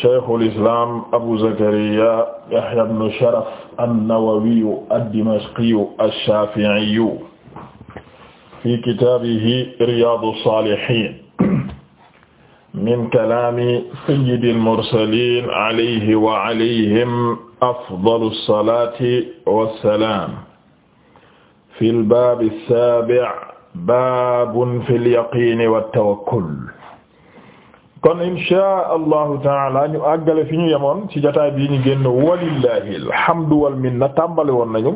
cheikhul islam Abu Zakariya Yahya ibn Sharaf an-Nawawiyu ad-Dimashqiyu ash-Shafi'iyu fi kitaabihi Riyaadu s-Saalihiin min kalaami sayyidil mursaliin alayhi wa alayhim afdalu s-salaati was-salaam fil baabi s-saabi' baabun fil yaqiini wat-tawakkul kon insha allahu taala ñu àggale fi ñu yemoon ci jotaay bii ñu génn walillahi alhamdu wal minna tàmbali woon nañu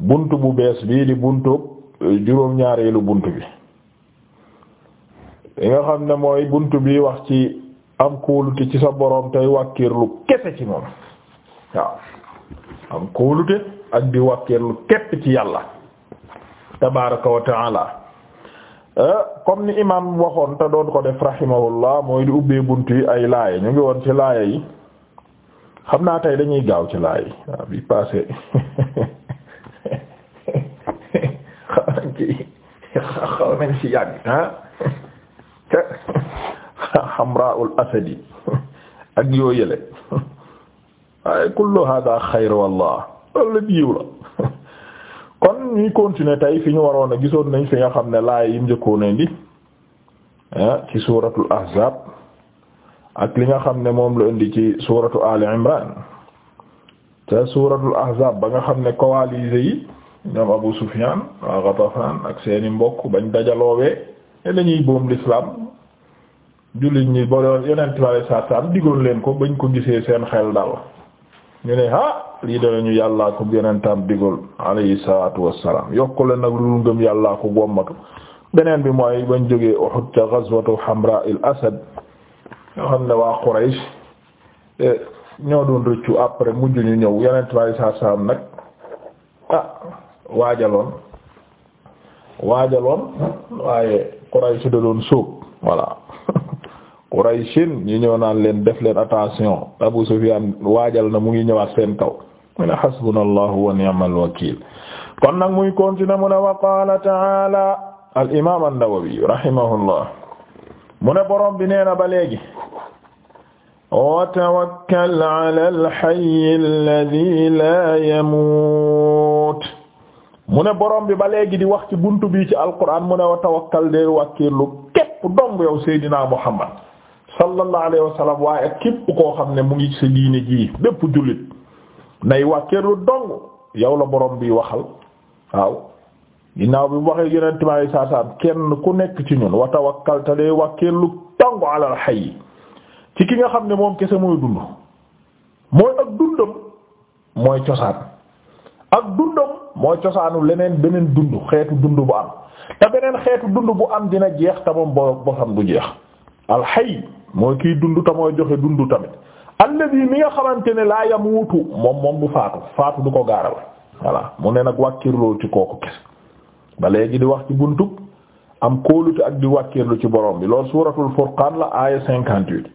bunt bu bees bii di buntu juróom-ñaareelu buntu bi li nga xam ne mooy bunt bi wax ci am kóolute ci sa boroom tey wàkkiirlu kese ci moom waaw am kóolute ak di wàkkiirlu képp ci yàlla tabaaraka wa taala Eh, comme ni imam waxoon te doon ko def rahimahullah mooy di ubbee bunt yi ay laaya ñu ngi woon ci laaya yi xam naa tey dañuy gaaw ci laaya yi waaw ah, bi passé xaw nañ ci xaw nañ ci yàgg ah. asadi ak yoo yële waaye kullu hada xayr wallah loolu la kon ñuy continuer tey fi ñu waroon a gisoon nañ fi nga xam ne laay yim njëkkoon indi ah, ci suuratul ahzaab ak li nga xam ne moom la indi ci suuratu ali imran te suuratul ahzaab ba nga xam ne coalisés yi ñoom Abu Sufyaan waa Ghatafaan ak seeni mbokk bañ dajaloowee te lañuy boom l'islam jullit ñi ba doon yonent bi sallallahu digoon leen ko bañ ko gisee seen xel dal ñu ne ha ah, lii da lañu yàllaa ko yonentam digul alayhi salaatu wassalaam yokkule nag lu ngëm yàllaa ko beneen bi mooy bañ jógee Uhud ca ghazwatu Hamra al Asad ñoo xam ne waa Quraysh eh, ñoo doon rëccu après mujj ñu ñëw yonentam alayhi salaatu wassalaam nag ah waajaloon waajaloon waaye Quraysh da doon sóob voilà Qurayshin ñu ñëw naan leen def leen attention Abu Sufyan waajal na mu ngi ñëwaat seen kaw mu ne hasbunallahu wa ni'mal wakiil kon nag muy continuer mu ne wa qaala ta'aala al imaam an-Nawawi rahimahullah mu ne borom bi nee na ba léegi wa tawakkal ala al-hayyi alladhi laa yamuut mu ne borom bi ba léegi di wax ci buntu bi ci alquran mu ne wa tawakkal deel wàkkiirlu képp dong yow Seydina Muhammad sallallahu alayhi sallam waaye képp koo xam ne mu ngi ci diine ji bépp jullit nay wàkkeelu dong yow la borom bi waxal waaw ginnaaw bi mu waxee yeneen timaay saa saa kenn ku nekk ci ñun wa tawakkal te day wàkkeelu dong alal hayy ci ki nga xam ne moom kese mooy dund mooy ak dundam mooy cosaan ak dundam mooy cosaanu leneen beneen dund xeetu dund bu am te beneen xeetu dund bu am dina jeex te moom boo boo du jeex alxay mooy kiy dund te mooy joxe dund tamit alladhi mi nga xamante ne laa yamuutu moom moom du faatu faatu du ko gaaral voilà mu ne nag wàkkirloo ci kooku kese ba léegi di wax ci buntub am kóolute ak di wàkkirlu ci borom bi loolu suuratul furqaan la aaya cinquante-huit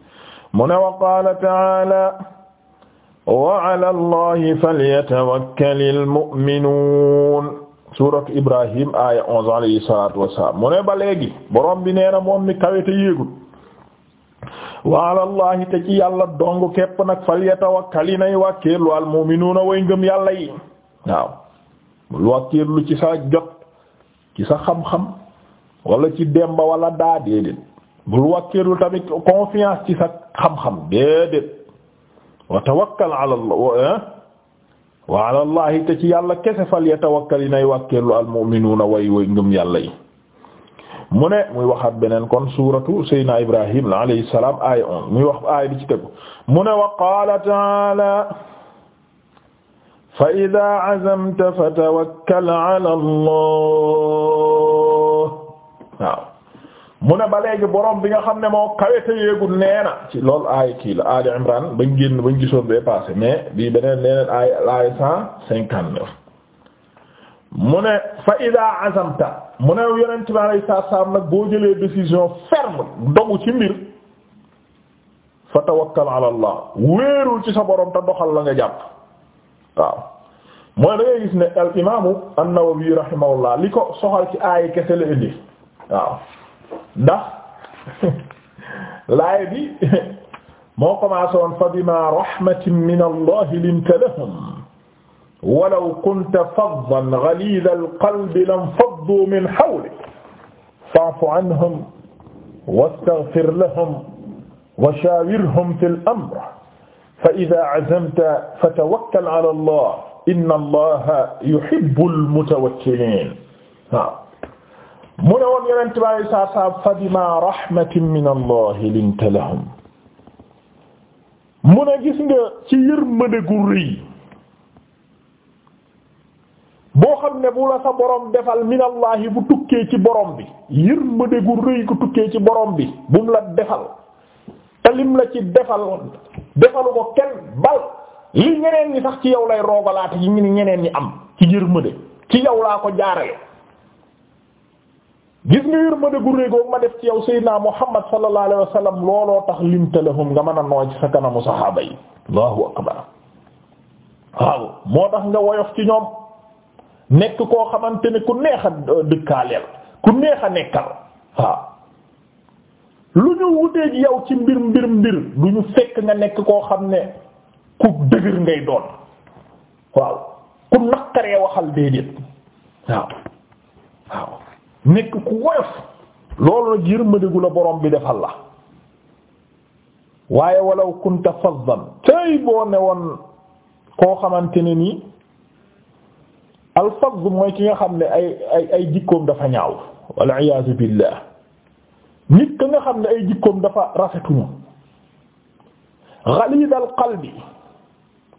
mu ne wa qaala ta'aala wa 'ala allahi falyatawakkalil suuratu ibrahim aaya onze alayhi salaatu mu ne ba léegi borom bi nee na moom mi wa ala Allahi te ci yàlla dong képp nag falyatawakkali nay wàkkeerlu al mu'minuuna way ngëm yàlla yi waaw lu wàkkeerlu ci sa jot ci sa xam-xam wala ci demba wala daa déedéet bul wàkkeerlu tamit confiance ci sa xam-xam déedéet wa tawakkal ala Allah eh? wa ala te ci yàlla kese falyatawakkali nay wàkkeerlu al mu'minuuna way way ngëm yàlla yi mu ne muy waxaat beneen kon suuratu Seydina Ibrahim alayhi salaam aaya 11 muy wax aaya bi ci tegu mu ne wa qaala ta'aala fa idaa azamta fatawakkal ala Allah waaw mu ne ba léegi borom bi nga xam ne moo kawete yéegul nee na ci loolu aaya kii la Ali Imran bañ génn bañ gisoon bee passé mais bii beneen leneen aaya aaya cent cinquante neuf mu ne fa idaa azamta mu ne yonent bi alayhi salaam nag boo jëlee décision ferme dogu ci mbir allah wéerul ci sa borom te doxal la nga jàpp waaw mooy da ngay gis ne al imaamu an-Nawawi rahimahullah li ko soxal ci aay kese la indi waaw ndax laay fa bima rahmatin min allah linta lahum walaw kunta faddan ghaliza al qalbi faddu min hawlik fa'fu anhum wastaghfir lahum wa shawirhum fil amr fa idha 'azamta fatawakkal 'ala Allah inna Allaha yuhibbul mutawakkilin waaw mu ne woon yeneen tubaab yi saa saa fa bimaa rahmatin min Allah linta lahum mu ne gis nga ci yërmande gu rëy boo xam ne bu la sa borom defal yi bu tukkee ci boroom bi yërmande gu rëy gu tukkee ci boroom bi bu mu la defal te lim la ci defal defalu ko kenn bal li ñeneen ñi sax ci yow lay roogalaate yi ñu ñeneen ñi am ci yërmande ci yow laa ko jaarale gis nga yërmande gu rëy googu ma def ci yow sayyidina Muhammad sallallahu alayhi wa sallam looloo tax lim telehum nga mën a nooy ci sa kanamu saxaaba yi waaw moo tax nga woyof ci ñoom nekk koo xamante ne ku neex a euh, dëkkaaleel ku neex a nekkal waaw lu ñu wuteeg yow ci mbir mbir mbir du ñu fekk nga nekk koo xam ne ku dëgër ngay doon waaw ku naqaree waxal déedéet waaw waaw nekk ku woyof loolu nag yërmande gu la bi defal la waaye walaw kunta fazzan tey boo ne woon koo xamante ne nii alfadl mooy ki nga xam ne ay ay ay jikkoom dafa ñaaw walla iyaazu billaah nit ka nga xam ne ay jikkoom dafa rafetuñu xaliid al qalbi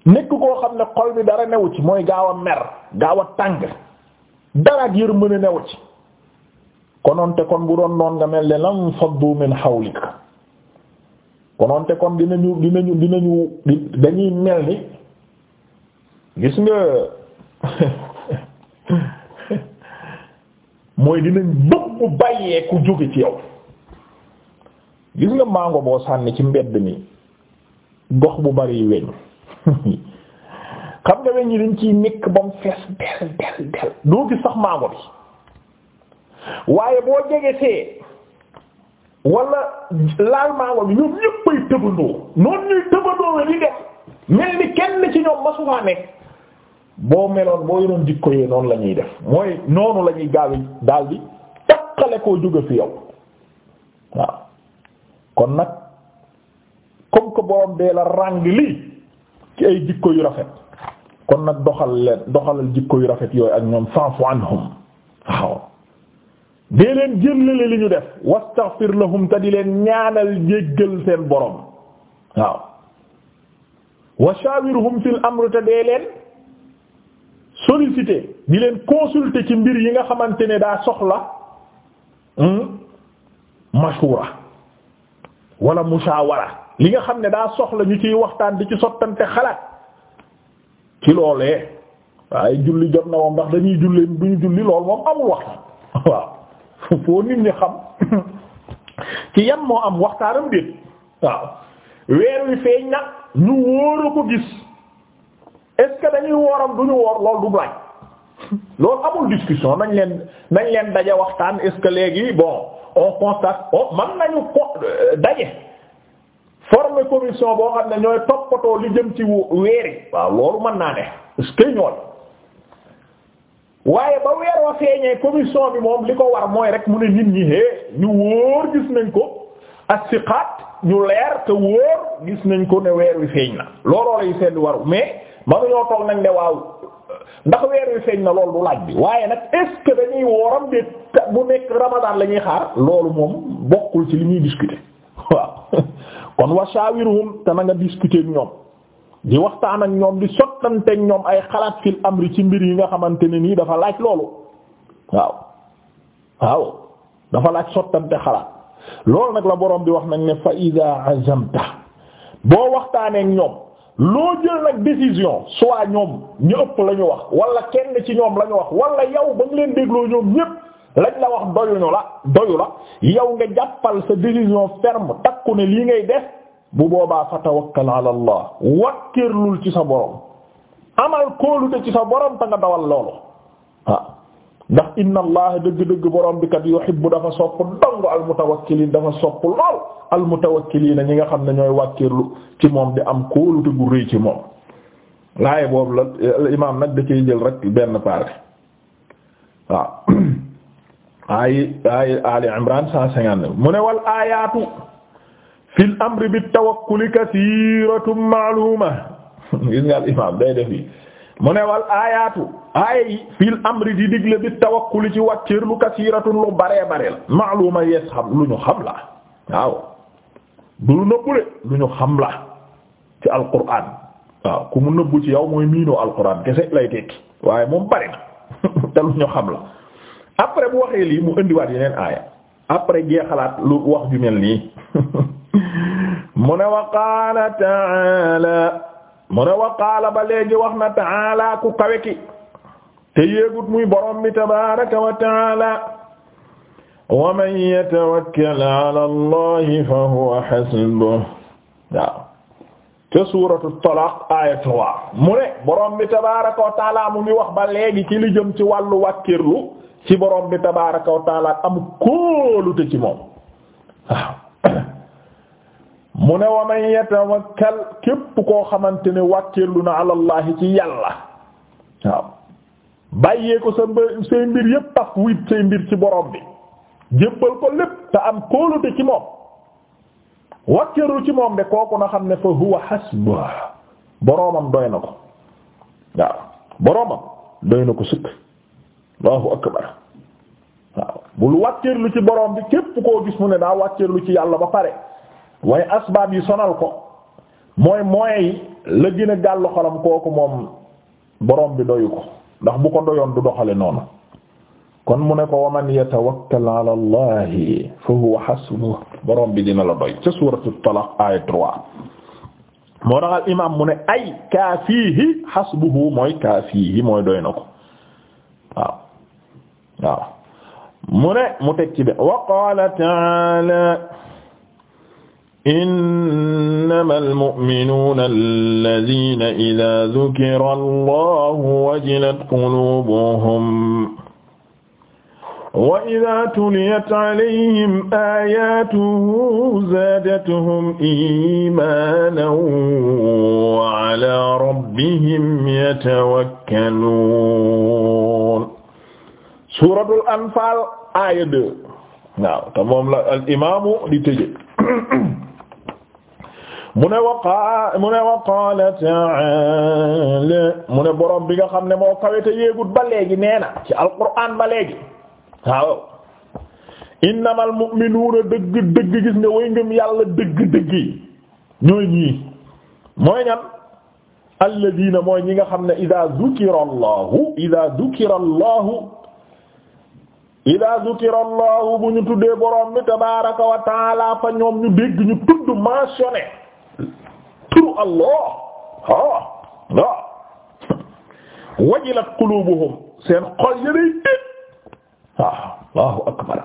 nekk koo xam ne xol bi dara newu ci mooy gaaw a mer gaaw a tàng dara ak yërmande newu ci kononte kon bu doon noon nga mel ne lam faddu min hawlik kononte kon dinañu dinañu dinañu dañuy mel ni gis nga mooy dinañ bëgg bàyyee ku jóge ci yow gis nga màngo boo sànni ci mbedd mi gox bu bari weñ xam nga weñ yi dañ ciy nekk ba mu fees del del del doo gis sax mango bi waaye boo jege see wala laal mango bi ñoom ñëppay tëbandoo noonu ñuy tëbandoo we di def mel ni kenn ci ñoom masumaa nekk boo meloon boo yoroon jikko yee noonu lañuy def mooy noonu lañuy ñuy gaaw daal di takkale koo jóge fi yow waaw kon nag comme que borom dee la ràng lii ci ay jikko yu rafet kon nag doxal leen doxalal dikko yu rafet yooyu ak ñoom fa'fu anhum waaw dee leen jëllale li ñu def wastaghfir lahum te di leen ñaanal jéggal seen boroom waaw wa fil amr te dee leen solliciter di leen consulter ci mbir yi nga xamante ne daa soxla hmm, mashura wala mushawara li nga xam ne daa soxla ñu ciy waxtaan di ci sottante xalaat ci loolee waaye julli jot na moom ndax dañuy julli duñu julli lool moom amul waxtaan waaw foo nit ñi xam ci yan moo am waxtaanam déet waaw weer wi feeñ na ñu wóor ko gis est-ce que dañuy wooram duñu woor loolu du laaj loolu amul discussion nañ leen nañ leen daje waxtaan est-ce léegi bon on constate on oh, man nañu ko euh, daje former commission boo xam ne ñooy toppatoo li jëm ci weeri waaw loolu mën naa ne est ñooy waaye ba weer wa feeñee commission bi moom li ko war mooy rek mu ne nit ñi hee ñu wóor gis nañ ko asiqaat ñu leer te wóor gis nañ ko ne weer wi feeñ na looloo lay seen waru mais manuñoo toog nag ne waaw ndax weer wi feeñ na loolu du laaj bi waaye nag est dañuy wooram de bu nekk Ramadan la ñuy xaar loolu moom bokkul ci li ñuy discuter waaw kon wa shaawirhum te na nga discuter ñoom di waxtaan ak ñoom di sottanteeg ñoom ay xalaat fil amri ci mbir yi nga xamante ne nii dafa laaj loolu waaw waaw dafa laaj sottante xalaat loolu nag la boroom bi wax nañ ne fa iza azamta boo waxtaaneek ñoom. loo jël nag décision soit ñoom ñu ëpp la ñu wax wala kenn ci ñoom la wax wala yow ba nga leen dégloo ñoom ñépp lañ la wax doyuñu la doyu la yow nga jàppal sa décision ferme takku ne lii ngay def bu boobaa fa tawakkal ala allah wakkirlul ci sa borom amal kóolute ci sa borom ta nga dawal loolu waaw ndax inna allah dëgg-dëgg borom bi kat yuhibbu dafa sopp dong almutawakkiliin dafa sopp lool almutawakkiliin ñi nga xam ne ñooy wàkkirlu ci moom di am kóolute gu rëy ci moom laaye boobu la imaam nag da cay jël benn partie waaw ay ay ali imran cent cinquante mu ne wal ayatu fil amri bi tawakkuli kasiratun ma'luma gis nga al imaam day mu ne wal aayaatu aaya yi fil amri di digle bi tawakkuli ci wàccir lu kasiiratun lu baree bare la maaluma yees xam lu ñu xam la waaw du lu nëbbule lu ñu xam la ci alquran waaw ku mu nëbbu ci yaw mooy miinoo alquran kese lay tekki waaye moom bari na te lu ñu xam la après bu waxee lii mu indiwaat yeneen aaya après jeexalaat lu wax ju mel nii mu ne wa ta'ala mu ne wa qaala ba léegi wax na ta'ala ku kawe te yéegut muy borom bi tabaaraka wa ta'ala wa man yatawakkal ala allahi fa huwa hasbuh waaw te suuratu talaaq aaya trois mu wa ta'ala mu ngi wax ba léegi ci li jëm ci wàllu wàkkirlu ci borom bi tabaaraka wa ta'ala am kóolute ci moom mu ne wa man yatawakkal képp koo xamante ni wàkkeelu na alallahi ci yàlla waaw bàyyee ko sa say mbir yépp tax wit say mbir ci boroom bi jébbal ko lépp te am kóolute ci moom wàkkeelu ci moom de kooku na xam ne fa huwa hasbuh boroomam doy na ko waaw boroomam doy na ko sëkk allahu akbar waaw bul wàkkeelu ci borom bi képp koo gis mu ne daa wàkkeelu ci yàlla ba pare waaye asbaab yi sonal ko mooy moyens yi la gën a gàllu kooku moom borom bi doyu ko ndax bu ko doyoon du doxale noonu kon mu ne ko waman yatawakkal ala fa huwa hasbuh borom bi dina la doy ca suuratu talaq trois moo tax al imaam mu ne ay kaafiihi hasbuhu mooy kaafiihi mooy doy na ko waaw waaw mu ne mu teg ci bi wa qaala ta'ala innama almuminuuna alladina ida dukira allahu wajilat qulubuhum wa ida tuliyat alayhim ayatuhu zaadathum imanan wa ala rabbihim yatawakkaluun suuratul anfaal aaya deux waaw te moom la al imaamu di tëje mu ne waqa mu ne waqaala ta'ala mu ne borom bi nga xam ne moo kawete yéegut ba léegi nee na ci alquran ba léegi waaw innamal mu'minuuna dëgg dëgg gis nga way ngëm yàlla dëgg dëgg yi ñooy ñii mooy ñan alladina mooy ñi nga xam ne ida zukira allahu ida zukira allahu ida zukira allahu bu ñu tuddee borom bi tabaraka wa fa ñoom ñu dégg ñu tudd mentionné turu allah ah ah wajilat qulubuhum seen xol yële it ah allahu akbar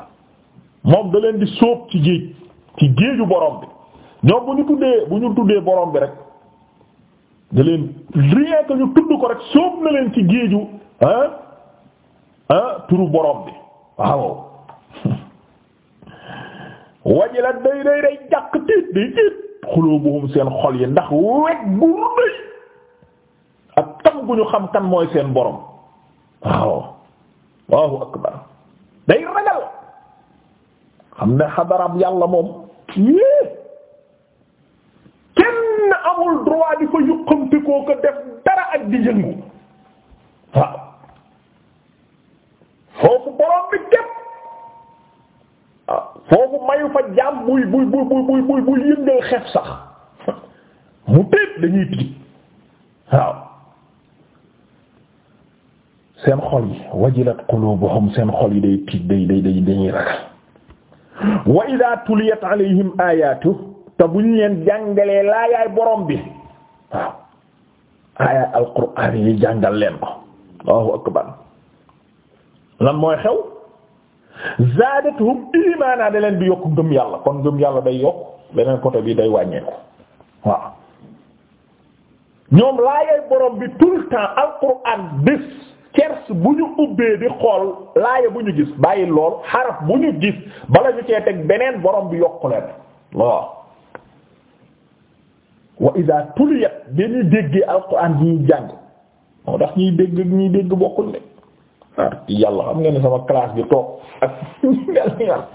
moom da leen di sóob ci géej ci géeju borom bi ñoom bu ñu tuddee bu ñu tuddee borom bi rek da leen rien que ñu tudd ko rek sóob na leen ci géeju ah ah turu borom bi waaw wajilat day day day jàq tiit day tiit. xulubuhum seen xol yi ndax weg bu rëy ak tam gu ñu xam kan mooy seen borom waaw Allahu akbar day ragal xam ne xadarab yàlla moom yée kenn amul droit di fa yuqamte koo ko def dara ak di yëngu foofu borom bi képp Ah, foofu mayu fa jaam buy buy buy buy buy buy yëngal xef sax mu tëdd dañuy tiit waaw seen xol yi wajilat qulubuhum seen xol yi day tiit day day day dañuy ragal wa idha tuliyat alayhim ayatu te bu ñu leen jàngalee laayaay borom bi waaw aaya alquraan yi jàngal leen ko allahu akbar lan mooy xew zaadatuhum imaana da leen di yokk gëm yàlla kon gëm yàlla day yokk beneen côté bi day wàññeeku waaw ñoom laayay borom bi tout le temps alquran bés kers bu ñu ubbee di xool laaya bu ñu gis bàyyi lool xaraf bu ñu gis bala ñu cee teg beneen borom bi yokku leen waaw wa idaa tuliyat dañuy déggee alquran ñuy jàng moo tax ñuy dégg ñuy dégg bokkul ne Ah, yàlla xam nga ne sama classe gi toog ak mel ni yàlla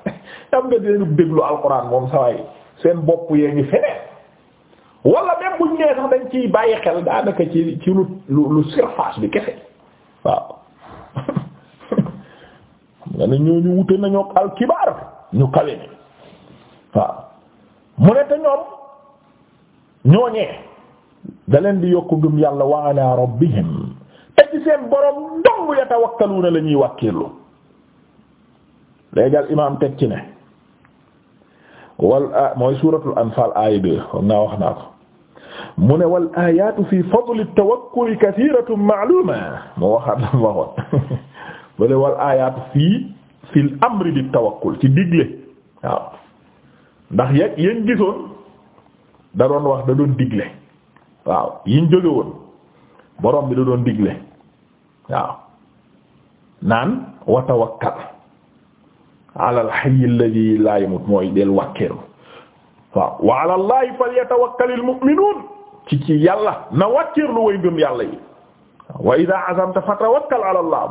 xam nga dinañu déglu alxuraan moom saway seen bopp yee ngi feneen wala même buñ nee sax dañ ciy bàyyi xel daanaka ci ci lu lu lu bi kese waaw nga nañoo al ñu kale ni ñoom ñooñee da leen di yokku gëm yàlla wa ala te ci seen borom dong yatawakkaluuna la ñuy wàkkiirlu léegi al imaam teg ci ne wal ah, mooy suuratul anfaal aaya deux xam naa wax naa ko mu ne wal aayaatu fi fadli fii fil amri bi tawakkul ci digle waaw ndax yéen yéen gisoon da doon wax da doon digle waaw yiñ jóge woon borom bi da doon digle waaw naan wa tawakkal ala al-hayy alladhi la mooy del wàkkeeru waaw wa ala allahi falyatawakkalil mu'minun ci ci yàlla na wàkkeerlu way ngëm yàlla yi wa idha azamta fatawakkal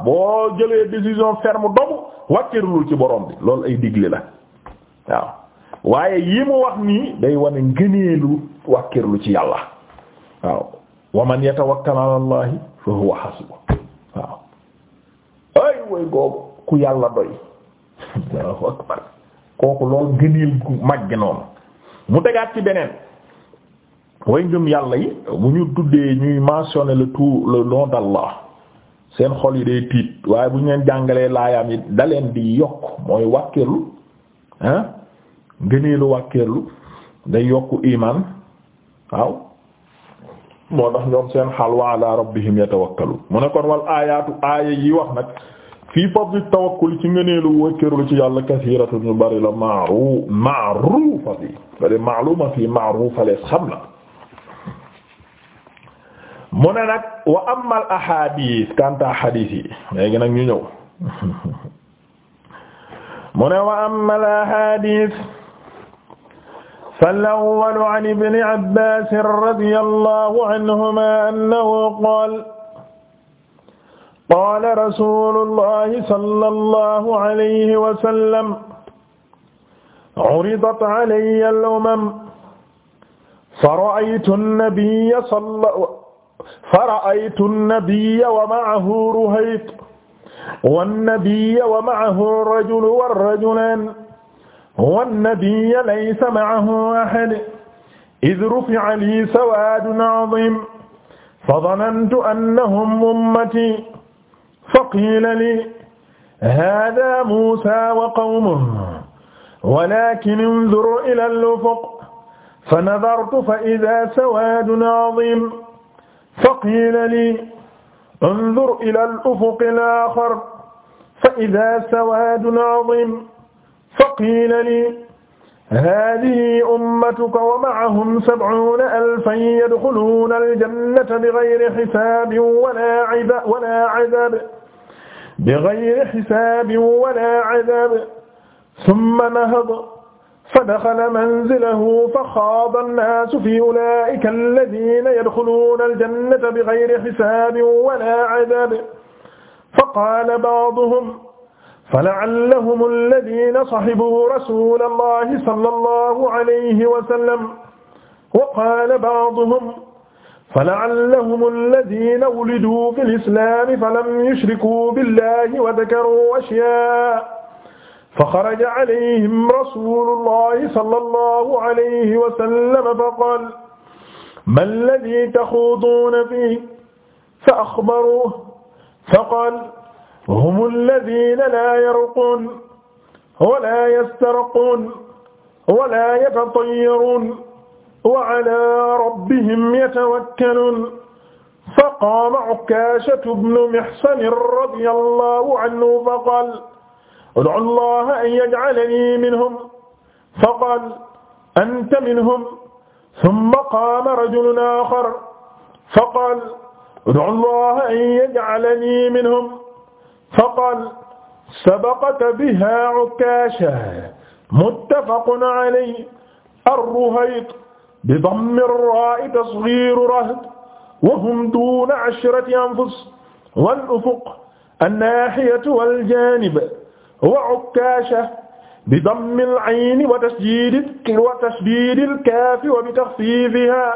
boo jëlee décision ferme dogu wàkkeerlul ci borom bi ay digle waaw waaye yi mu wax nii day wane ngëneelu wàkkeerlu ci yàlla waaw wa man yatawakkal ala fa huwa hasbuh waaw ay woy googu ku yàlla doy Allahu akbar kooku lool gëneel gu màgg noonu mu tegaat ci beneen way ngëm yàlla yi bu ñu tuddee ñuy mentionner le tout le nom d'Allah seen xol yi day tiit waaye bu ñu leen jàngalee laayaam yi daleen di yokk mooy wàkkeelu ah ngëneelu wàkkeelu day yokk imaan waaw moo tax ñoom seen xaal wa ala rabbihim yatawakkalu mu ne kon wal aayaatu aaya yi wax nag fii fadli tawakkul ci ngëneelu wëkkërlu ci yàlla kasiiratu ñu bari la maaru ma fii ba de maaluma fii lees xam mu ne nag wa amal ahadis kanta ahadis yi ñëw mu ne wa amal ahadis فالأول عن ابن عباس رضي الله عنهما أنه قال قال رسول الله صلى الله عليه وسلم عرضت علي الأمم فرأيت النبي صلى فرأيت النبي ومعه رهيط والنبي ومعه الرجل والرجلان wannabiyya laysa ma'ahu ahad id rufi'a lii sawaadun 'aziim fa dhanantu annahum ummatii fa qiila lii haadaa Muusaa wa qawmuhu walaakin unzur ilaa al-ufuq fa nadartu fa idaa sawaadun 'aziim fa qiila lii unzur ilaa al-ufuq al-aaxar fa idaa sawaadun 'aziim faqiila lii haadihi ummatuka wa ma'ahum sab'uuna alfan yadxuluuna aljannata bighayri hisaabin walaa 'adaab bighayri hisaabin walaa 'adaab summa nahada فدخل منزله فخاض الناس في أولئك الذين يدخلون الجنة بغير حساب ولا عذاب فقال بعضهم فلعلهم الذين صحبوا رسول الله صلى الله عليه وسلم وقال بعضهم فلعلهم الذين ولدوا في الإسلام فلم يشركوا بالله وذكروا أشياء فخرج عليهم رسول الله صلى الله عليه وسلم فقال ما الذي تخوضون فيه فأخبروه فقال hum alladina laa yarquun wala yastarquun wala yatatayaruun wa ala rabbihim yatawakkaluun faqaama Ukkaashatu bnu Mihsan radiyallahu anhu faqaala ud'u llaaha an yaj'alanii minhum faqaala anta minhum summa qaama rajulun aaxar faqaala ud'u llaaha an yaj'alanii minhum faqaal sabaqaka bihaa Ukaasha muttafaqun alayhi ar-ruhayt bi dammi r-raa'i tasghiiru rahd wa hum duuna ashrati anfus wal-ufuq an-naahiyatu wal-jaanib wa Ukaasha bi dammi l-'ayni wa tasdiidi wa tasdiidi l-kaafi wa bi taxfiifihaa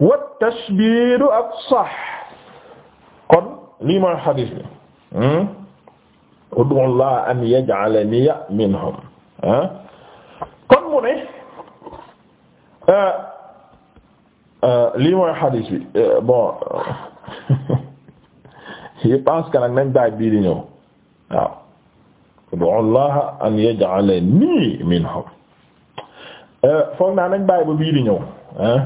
wat-tashdiidu afsah kon lii mooy hadiis bi hmm? ud'u Allah an yaj'alani minhum ah kon mu ne ah, ah, lii mooy xadiis eh, bon je pense que nag nañ daaj bii di ñëw waaw ud'u Allah an yaj'alani minhum eh, foog naa nañ bàyyi ba bii di ñëw ah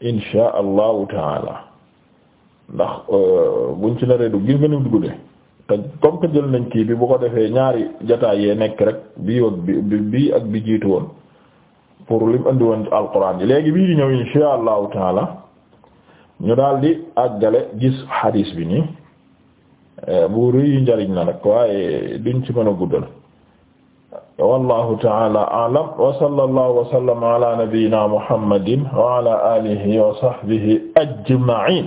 insha allahu taala ndax eh, buñ ci naree du gis nga ni te comme que jël nañ kii bi bu ko defee ñaari jotaay yee nekk rek bii ak bi bii ak bi jiitu woon pour lim andi woon ci alquran yi léegi bi di ñëw insha allahu taala ñu daal di àggale gis hadis bi nii eh, bu rëy njariñ la waaye duñ ci mën a guddal taala a'lam wa sallallahu wa sallama ala nabiyyina muhammadin wa wa sahbihi ajma'in